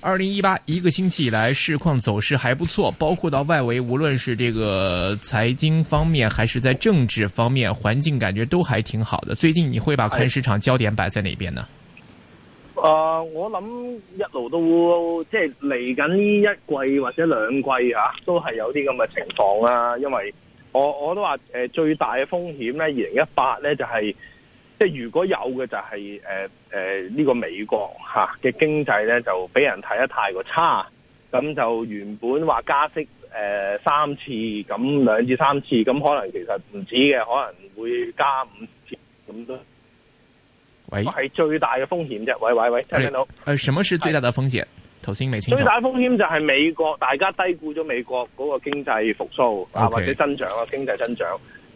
二零一八一個星期以來市況走勢還不錯，包括到外圍，無論是這個財經方面，還是在政治方面，環境感覺都還挺好的。最近你會把看市場焦點擺在哪邊呢？誒、呃，我諗一路都即係嚟緊呢一季或者兩季啊，都係有啲咁嘅情況啊。因為我我都話誒，最大嘅風險咧，二零一八咧就係、是。即係如果有嘅就係誒誒呢個美國吓嘅經濟咧就俾人睇得太過差，咁就原本話加息誒、呃、三次咁兩至三次咁可能其實唔止嘅可能會加五次咁多喂、啊。喂，係最大嘅風險啫。喂喂喂，聽唔 Okay. 聽到？誒，什麼是最大嘅風險？頭先未清楚。最大嘅風險就係美國，大家低估咗美國嗰個經濟復蘇啊，Okay. 或者增長啊，經濟增長。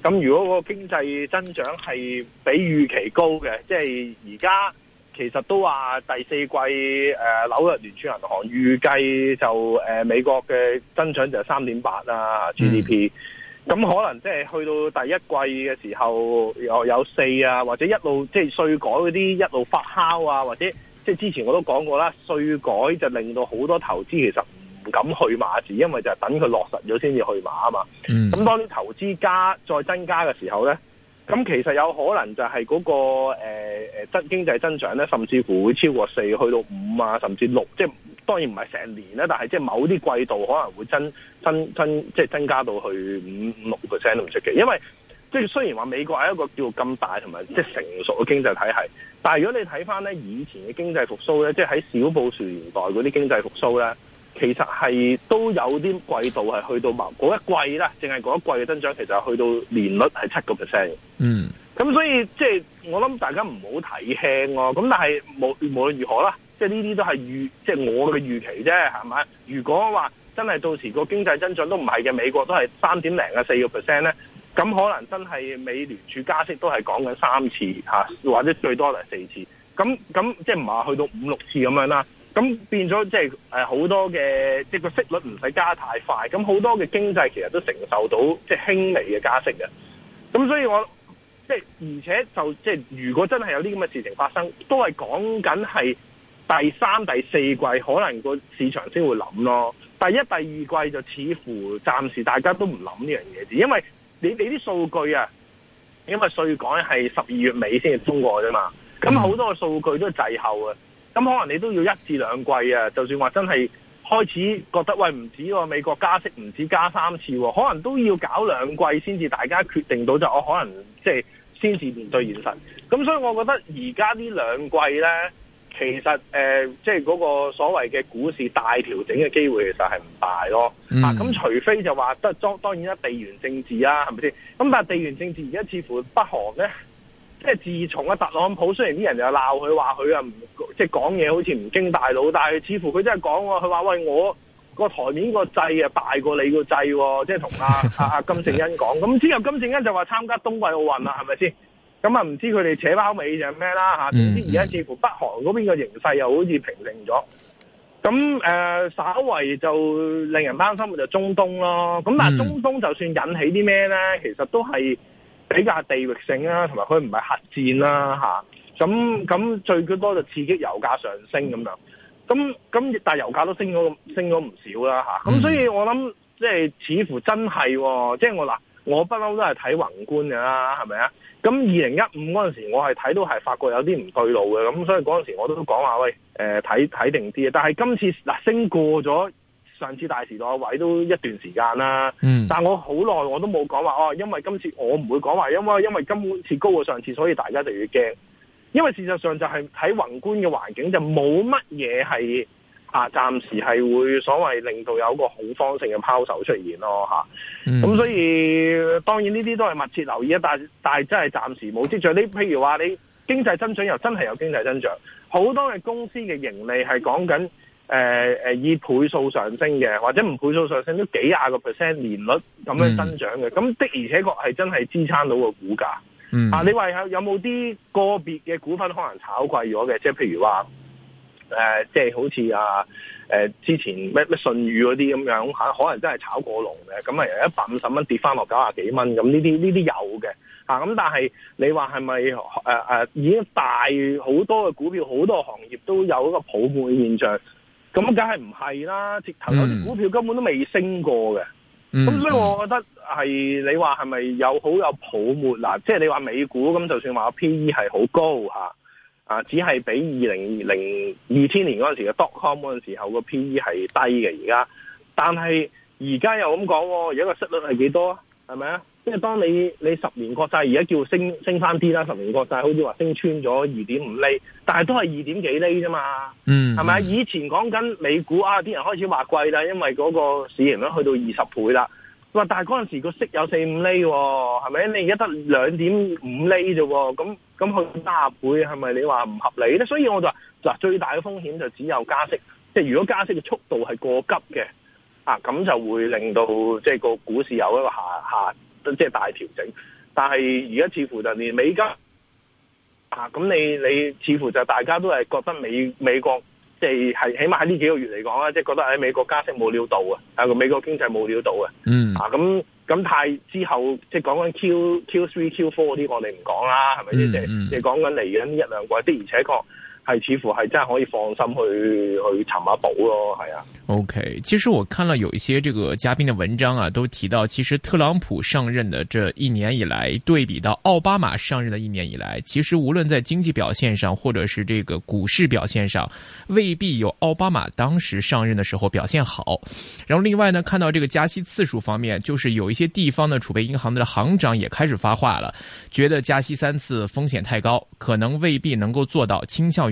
咁如果個經濟增長係比預期高嘅，即係而家其實都話第四季誒紐約聯儲銀行預計就、呃、美國嘅增長就係三點八啊 GDP，咁、嗯、可能即係去到第一季嘅時候又有，有四啊，或者一路即係、就是、稅改嗰啲一路發酵啊，或者即係、就是、之前我都講過啦，稅改就令到好多投資其實。唔敢去馬字，因為就係等佢落實咗先至去馬啊嘛。咁、嗯、當啲投資加再增加嘅時候咧，咁其實有可能就係嗰、那個誒增、呃、經濟增長咧，甚至乎會超過四去到五啊，甚至六。即係當然唔係成年啦，但係即係某啲季度可能會增增增，即係增加到去五五六個 percent 都唔出奇。因為即係雖然話美國係一個叫咁大同埋即係成熟嘅經濟體系，但係如果你睇翻咧以前嘅經濟復甦咧，即係喺小布殊年代嗰啲經濟復甦咧。其實係都有啲季度係去到某嗰一季啦，淨係嗰一季嘅增長，其實去到年率係七個 percent。嗯，咁所以即係我諗大家唔好睇輕啊。咁但係無無論如何啦，即係呢啲都係預，即係我嘅預期啫，係咪？如果話真係到時個經濟增長都唔係嘅，美國都係三點零啊四個 percent 咧，咁可能真係美聯儲加息都係講緊三次吓、啊，或者最多就係四次。咁咁即係唔係話去到五六次咁樣啦。咁變咗即係好多嘅，即係個息率唔使加太快。咁好多嘅經濟其實都承受到即係輕微嘅加息嘅。咁所以我即係而且就即係如果真係有啲咁嘅事情發生，都係講緊係第三、第四季可能個市場先會諗咯。第一、第二季就似乎暫時大家都唔諗呢樣嘢嘅，因為你啲數據啊，因為稅改係十二月尾先至通過啫嘛。咁好多數據都滯後啊。咁可能你都要一至兩季啊！就算話真係開始覺得喂，唔止喎，哦，美國加息唔止加三次喎，哦，可能都要搞兩季先至大家決定到就我、是，可能即係先至面對現實。咁所以我覺得而家呢兩季呢，其實誒即係嗰個所謂嘅股市大調整嘅機會其實係唔大咯。咁、嗯啊，除非就話即係當當然啦，地緣政治啊，係咪先？咁但係地緣政治而家似乎北韓呢。即係自從阿特朗普，雖然啲人就鬧佢話佢啊，即係，講嘢好似唔經大腦，但係似乎佢真係講，佢話喂，我個台面個掣啊大過你個掣，即係同阿阿金正恩講。咁之後金正恩就話參加冬季奧運啦，係咪先？咁、嗯、啊，唔、嗯、知佢哋扯包尾就係咩啦吓？總之而家似乎北韓嗰邊嘅形勢又好似平定咗。咁誒、呃，稍為就令人擔心就中東咯。咁但係中東就算引起啲咩呢？其實都係。比較地域性啦，同埋佢唔係核戰啦，咁咁最多就刺激油價上升，咁樣，咁咁但油價都升咗升咗唔少啦咁、嗯、所以我諗即係似乎真係，即係我嗱我不嬲都係睇宏觀㗎，啦，係咪啊？咁二零一五嗰陣時，我係睇到係發覺有啲唔對路嘅，咁所以嗰陣時我都講話喂，睇、呃、睇定啲啊！但係今次嗱升過咗。上次大時代位都一段時間啦，嗯、但係我好耐我都冇講話哦，因為今次我唔會講話，因為因為今次高過上次，所以大家就要驚。因為事實上就係喺宏觀嘅環境就沒什麼是，就冇乜嘢係啊，暫時係會所謂令到有一個恐慌性嘅拋售出現咯嚇。咁、啊嗯、所以當然呢啲都係密切留意啊，但但係真係暫時冇跡象。你譬如話你經濟增長又真係有經濟增長，好多嘅公司嘅盈利係講緊。誒誒、呃，以倍數上升嘅，或者唔倍數上升都幾廿個 percent 年率，咁樣增長嘅，咁、嗯、的而且確係真係支撐到個股價。嗯、啊，你話有有冇啲個別嘅股份可能炒貴咗嘅？即係譬如話，誒、呃，即係好似啊，誒、呃，之前咩咩舜宇嗰啲咁樣吓，可能真係炒過龍嘅，咁啊，由一百五十蚊跌翻落九廿幾蚊，咁呢啲呢啲有嘅。吓，咁但係你話係咪誒誒，已經大好多嘅股票，好多行業都有一個泡沫現象？咁梗係唔係啦，直頭有啲股票根本都未升過嘅，咁、嗯、所以我覺得係你話係咪有好有泡沫嗱？即係你話美股咁，就算話個 P E 係好高吓，啊，只係比二零零二千年嗰陣時嘅 dot com 嗰陣時候個 P E 係低嘅，而家，但係而家又咁講，而家個息率係幾多啊？係咪啊？即係當你你十年國債而家叫升升翻啲啦，十年國債好似話升穿咗二點五厘，但係都係二點幾厘啫嘛，嗯，係咪？以前講緊美股啊，啲人開始話貴啦，因為嗰個市盈率去到二十倍啦，但係嗰陣時個息有四五厘喎，係咪？你而家得兩點五厘啫，咁咁去三十倍係咪？你話唔合理咧？所以我就話嗱，最大嘅風險就只有加息，即係如果加息嘅速度係過急嘅，啊，咁就會令到即係、就是、個股市有一個下下。即係大調整，但係而家似乎就連美金啊，咁你你似乎就大家都係覺得美美國哋係、就是、起碼喺呢幾個月嚟講啦，即、就、係、是、覺得喺美國加息冇料到啊，啊個美國經濟冇料到、嗯、啊，嗯啊咁咁太之後即係講緊 Q Q three Q four 啲我哋唔講啦，係咪先？即係講緊嚟緊一兩季的，而且確。係似乎係真係可以放心去去尋下寶咯，哦，係啊。OK，其實我看了有一些這個嘉賓的文章啊，都提到其實特朗普上任的這一年以來，對比到奧巴馬上任的一年以來，其實無論在經濟表現上，或者是這個股市表現上，未必有奧巴馬當時上任的時候表現好。然後另外呢，看到這個加息次數方面，就是有一些地方的儲備銀行的行長也開始發話了，覺得加息三次風險太高，可能未必能夠做到，傾向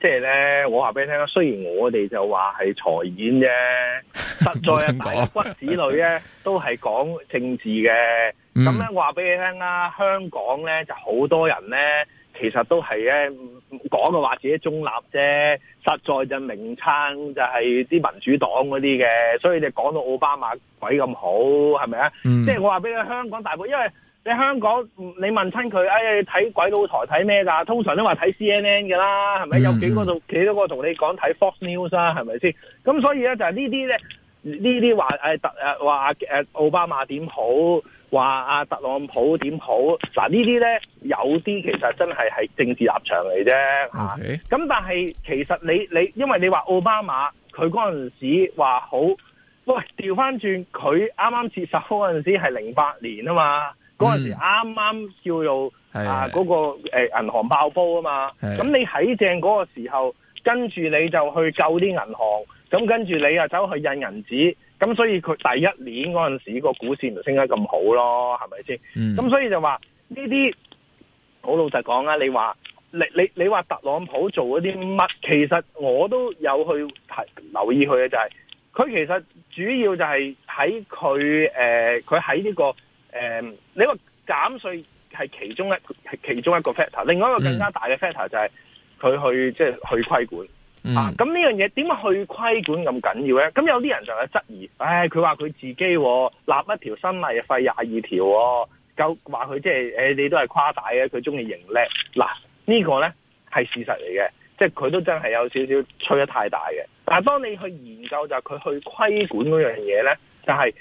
即係咧，我話俾你聽啦，雖然我哋就話係財演啫，實在啊，大骨子女咧都係講政治嘅。咁咧，我話俾你聽啦，香港咧就好多人咧，其實都係呢講嘅話自己中立啫，實在就名撐就係啲民主黨嗰啲嘅，所以你講到奧巴馬鬼咁好，係咪啊？嗯、即係我話俾你聽，香港大部分因為。你香港，你問親佢，哎，睇鬼佬台睇咩㗎？通常都話睇 C N N 㗎啦，係咪？嗯、有幾多度幾多個同你講睇 Fox News 啦、啊，係咪先？咁所以咧就係呢啲咧，呢啲話誒特誒話誒奧巴馬點好，話啊，特朗普點好嗱？呢啲咧有啲其實真係係政治立場嚟啫嚇。咁但係其實你你因為你話奧巴馬佢嗰陣時話好，喂，調翻轉佢啱啱接手嗰陣時係零八年啊嘛。嗰陣、嗯、時啱啱叫做是是是啊嗰、那個誒銀、欸、行爆煲啊嘛，咁是你喺正嗰個時候，跟住你就去救啲銀行，咁跟住你又走去印銀紙，咁所以佢第一年嗰陣時個股市咪升得咁好咯，係咪先？咁、嗯、所以就話呢啲好老實講啊，你話你你你話特朗普做嗰啲乜？其實我都有去留意佢嘅、就是，就係佢其實主要就係喺佢誒，佢喺呢個。誒、嗯，你話減稅係其中一係其中一個 factor，另外一個更加大嘅 factor 就係佢去即係、嗯、去規管。嗯，咁呢樣嘢點解去規管咁緊要咧？咁有啲人就去質疑，唉、哎，佢話佢自己、哦、立一條新例廢廿二條、哦，夠話佢即係誒，你都係誇大嘅，佢中意認叻。嗱，這個、呢個咧係事實嚟嘅，即係佢都真係有少少吹得太大嘅。但係當你去研究就佢去規管嗰樣嘢咧，就係、是、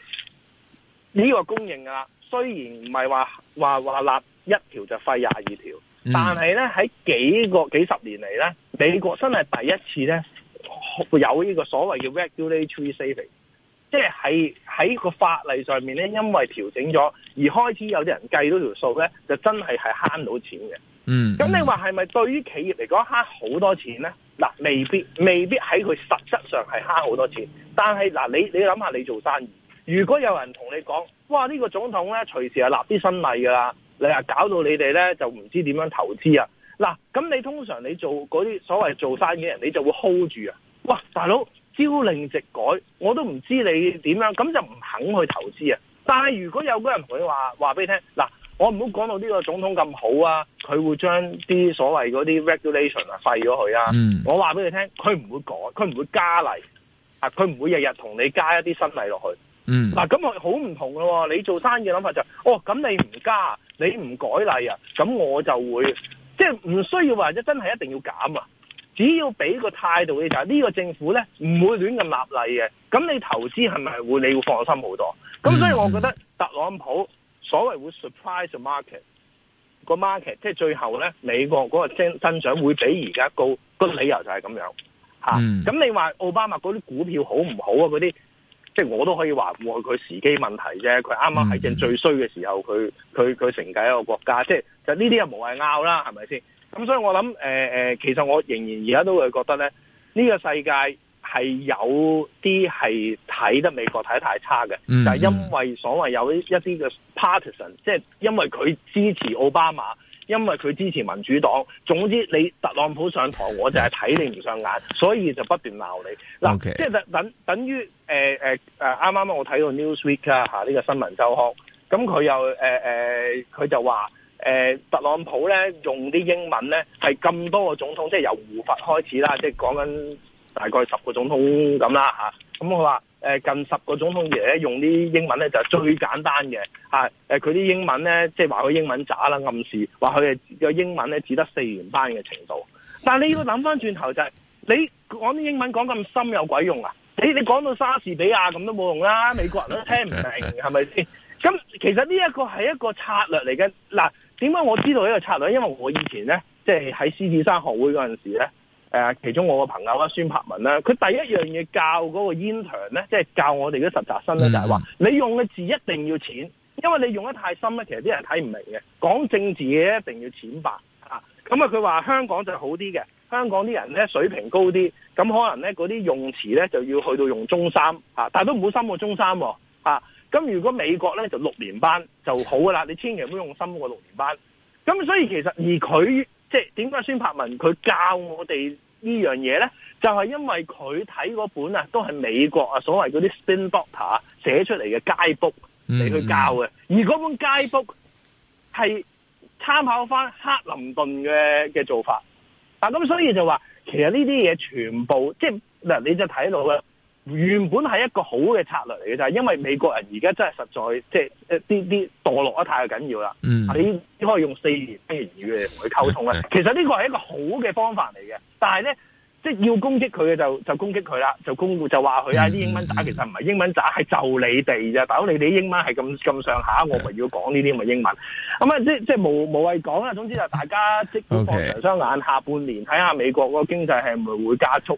呢個供應啊。雖然唔係話話話立一條就廢廿二條，嗯、但係咧喺幾個幾十年嚟咧，美國真係第一次咧有呢個所謂嘅 regulatory saving，即係喺個法例上面咧，因為調整咗而開始有啲人計到條數咧，就真係係慳到錢嘅、嗯。嗯，咁你話係咪對於企業嚟講慳好多錢咧？嗱，未必未必喺佢實質上係慳好多錢，但係嗱，你你諗下你做生意。如果有人同你講，哇，呢個總統咧隨時係立啲新例噶啦，你啊搞到你哋咧就唔知點樣投資啊！嗱，咁你通常你做嗰啲所謂做生意嘅人，你就會 hold 住啊！哇，大佬朝令夕改，我都唔知你點樣，咁就唔肯去投資啊！但係如果有個人同你話，話俾你聽，嗱，我唔好講到呢個總統咁好啊，佢會將啲所謂嗰啲 regulation 啊廢咗佢啊！嗯、我話俾你聽，佢唔會改，佢唔會加例啊，佢唔會日日同你加一啲新例落去。嗯，嗱咁我好唔同喎。你做生意嘅諗法就，哦咁你唔加，你唔改例啊，咁我就會，即係唔需要話咗真係一定要減啊，只要俾個態度嘅就，呢個政府咧唔會亂咁立例嘅，咁你投資係咪會你會放心好多？咁所以我覺得、嗯、特朗普所謂會 surprise the market 個 market，即係最後咧美國嗰個增增長會比而家高，個理由就係咁樣，吓、嗯、咁、啊、你話奧巴馬嗰啲股票好唔好啊？嗰啲？即係我都可以話，佢佢時機問題啫。佢啱啱喺正最衰嘅時候，佢佢佢承繼一個國家。即係就呢啲又無謂拗啦，係咪先？咁所以我諗、呃、其實我仍然而家都會覺得咧，呢、呢個世界係有啲係睇得美國睇得太差嘅，就係、係、因為所謂有一啲嘅 partisan，即係因為佢支持奧巴馬。因為佢支持民主黨，總之你特朗普上台，我就係睇你唔上眼，所以就不斷鬧你。嗱、啊，Okay. 即係等等等於誒誒啱啱我睇到 Newsweek 啦、啊，嚇、這、呢個新聞周刊，咁、嗯、佢又誒誒，佢、呃呃、就話誒、呃、特朗普咧用啲英文咧係咁多個總統，即係由胡佛開始啦，即係講緊大概十個總統咁啦嚇，咁佢話。嗯誒近十個總統嘅咧，用啲英文咧就係最簡單嘅嚇。誒佢啲英文咧，即係話佢英文渣啦，暗示話佢嘅個英文咧只得四年班嘅程度。但係你要諗翻轉頭就係、是，你講啲英文講咁深有鬼用啊？你你講到莎士比亞咁都冇用啦、啊，美國人都聽唔明係咪先？咁其實呢一個係一個策略嚟嘅。嗱，點解我知道呢個策略？因為我以前咧，即係喺獅子山學會嗰陣時咧。誒，其中我個朋友啦，孫柏文啦，佢第一樣嘢教嗰個 intern 咧，即係教我哋啲實習生咧，就係話你用嘅字一定要淺，因為你用得太深咧，其實啲人睇唔明嘅。講政治嘅一定要淺白啊，咁啊佢話、啊、香港就好啲嘅，香港啲人咧水平高啲，咁、啊啊、可能咧嗰啲用詞咧就要去到用中三啊，但係都唔好深過中三啊。咁、啊啊啊、如果美國咧就六年班就好噶啦，你千祈唔好用深過六年班。咁所以其實而佢。即係點解孫柏文佢教我哋呢樣嘢咧？就係、是，因為佢睇嗰本啊，都係美國啊所謂嗰啲 spin doctor 寫出嚟嘅街 book 嚟去教嘅。嗯嗯嗯而嗰本街 book 係參考翻克林頓嘅嘅做法。咁、啊，所以就話其實呢啲嘢全部即係嗱，你就睇到啦。原本係一個好嘅策略嚟嘅，就係因為美國人而家真係實在即係一啲啲墮落得太緊要啦。嗯，你可以用四年不如同佢溝通咧。 其實呢個係一個好嘅方法嚟嘅，但係咧即係要攻擊佢嘅就就攻擊佢啦，就攻佢就話佢啊啲英文渣，其實唔係英文渣，係 就你哋咋？大佬你哋啲英文係咁咁上下，我咪要講呢啲咪英文。咁啊 即即係無無謂講啦。總之就大家即放長雙眼， 下半年睇下美國個經濟係唔係會加速。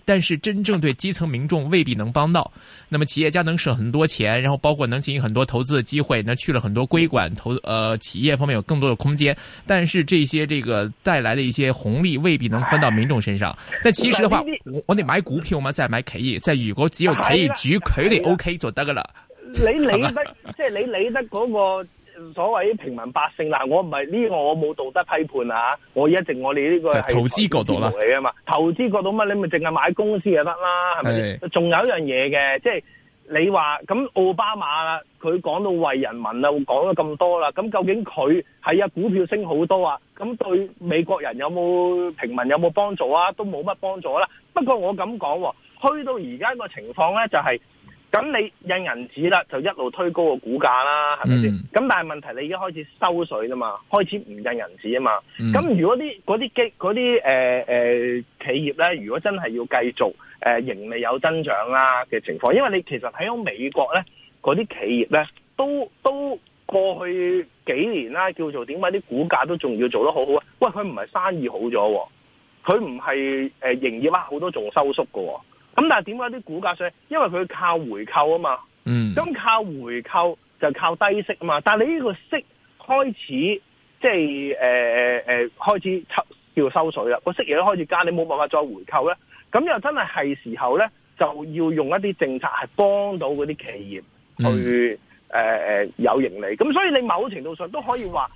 但是真正對基層民眾未必能幫到，那麼企業家能省很多錢，然後包括能進行很多投資的機會，那去了很多規管投呃企業方面有更多的空間。但是這些這個帶來的一些紅利未必能分到民眾身上。但其實的話，我我得買股票，我們再買企業。在雨如果只有企業局，佢哋 OK 就得㗎啦。你理得即係你理得嗰個。所謂平民百姓嗱，我唔係呢，這個、我冇道德批判啊！我一直我哋呢個投資角度啦嘛，投資角度乜你咪淨係買公司就得啦，係咪？仲是是 有一樣嘢嘅，即係你話咁奧巴馬啦佢講到為人民了麼啊，講咗咁多啦，咁究竟佢係啊股票升好多啊？咁對美國人有冇平民有冇幫助啊？都冇乜幫助啦。不過我咁講，去到而家個情況咧、就是，就係。咁你印銀紙啦，就一路推高個股價啦，係咪先？咁、嗯、但係問題你已經開始收水啊嘛，開始唔印銀紙啊嘛。咁、嗯、如果啲嗰啲嗰啲誒企業咧，如果真係要繼續誒、呃、盈利有增長啦嘅情況，因為你其實喺美國咧嗰啲企業咧，都都過去幾年啦，叫做點解啲股價都仲要做得好好啊？喂，佢唔係生意好咗，佢唔係誒營業額好多仲收縮噶。咁但係點解啲股價衰？因為佢靠回購啊嘛，咁、嗯嗯嗯、靠回購就靠低息啊嘛。但係你呢個息開始即係誒誒誒開始抽叫收水啦，個息亦都開始加，你冇辦法再回購咧。咁又真係係時候咧，就要用一啲政策係幫到嗰啲企業去誒誒有盈利。咁所以你某程度上都可以話，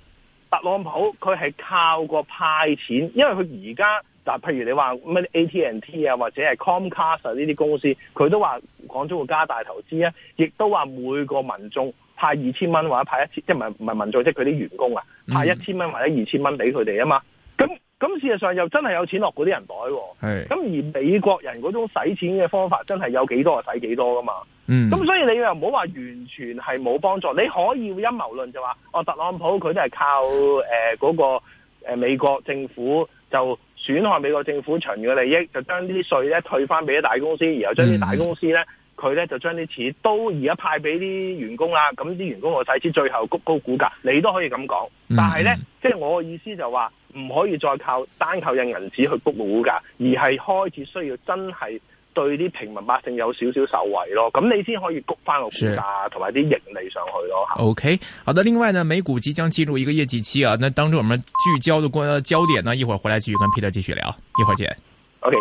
特朗普佢係靠個派錢，因為佢而家。嗱，但譬如你話 AT&T 啊，或者係 Comcast 呢、啊、啲公司，佢都話廣州會加大投資啊，亦都話每個民眾派二千蚊，或者派一千，即係唔係唔係民眾，即係佢啲員工啊，派一千蚊或者二千蚊俾佢哋啊嘛。咁咁、嗯、事實上又真係有錢落嗰啲人袋喎、啊。咁是而美國人嗰種使錢嘅方法，真係有幾多就使幾多噶嘛。咁、嗯、所以你又唔好話完全係冇幫助。你可以陰謀論就話，哦，特朗普佢都係靠誒嗰、呃那個、呃、美國政府就。損害美國政府長遠嘅利益，就將呢啲稅咧退翻俾啲大公司，然後將啲大公司咧，佢咧、嗯、就將啲錢都而家派俾啲員工啦。咁啲員工我使錢，最後谷高股價，你都可以咁講。但係咧，嗯、即係我嘅意思就話，唔可以再靠單靠印銀紙去谷高股價，而係開始需要真係。對啲平民百姓有少少受惠咯，咁你先可以谷翻個股價同埋啲盈利上去咯。OK，好的。另外呢，美股即將進入一個業績期啊，那當中我們聚焦的焦點呢，一會兒回來繼續跟 Peter 繼續聊，一會兒見。OK。